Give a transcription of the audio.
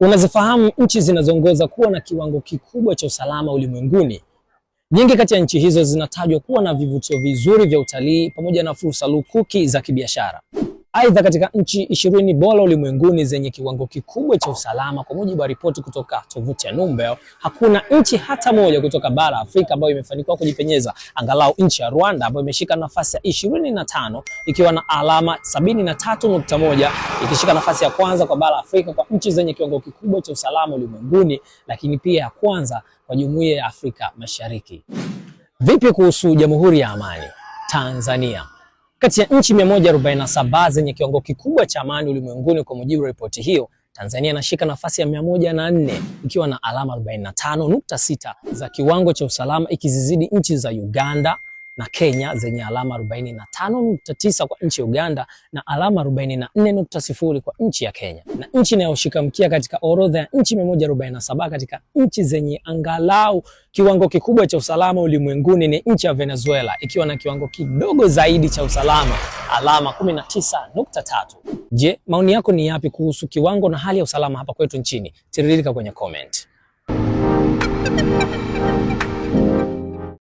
Unazifahamu nchi zinazoongoza kuwa na kiwango kikubwa cha usalama ulimwenguni. Nyingi kati ya nchi hizo zinatajwa kuwa na vivutio vizuri vya utalii pamoja na fursa lukuki za kibiashara. Aidha, katika nchi ishirini bora ulimwenguni zenye kiwango kikubwa cha usalama, kwa mujibu wa ripoti kutoka tovuti ya Numbeo, hakuna nchi hata moja kutoka bara Afrika ambayo imefanikiwa kujipenyeza angalau nchi ya Rwanda ambayo imeshika nafasi ya ishirini na tano ikiwa na alama sabini na tatu nukta moja ikishika nafasi ya kwanza kwa bara Afrika kwa nchi zenye kiwango kikubwa cha usalama ulimwenguni, lakini pia ya kwanza kwa jumuiya ya Afrika Mashariki. Vipi kuhusu Jamhuri ya Amani Tanzania? Kati ya nchi 147 zenye kiwango kikubwa cha amani ulimwenguni kwa mujibu wa ripoti hiyo, Tanzania inashika nafasi ya 104 ikiwa na alama 45.6 za kiwango cha usalama ikizizidi nchi za Uganda, na Kenya zenye alama 45.9 kwa nchi ya Uganda na alama 44.0 kwa nchi ya Kenya, na nchi inayoshika mkia katika orodha ya nchi 147 katika nchi zenye angalau kiwango kikubwa cha usalama ulimwenguni ni nchi ya Venezuela ikiwa na kiwango kidogo zaidi cha usalama alama 19.3. Je, maoni yako ni yapi kuhusu kiwango na hali ya usalama hapa kwetu nchini? Tiririka kwenye comment.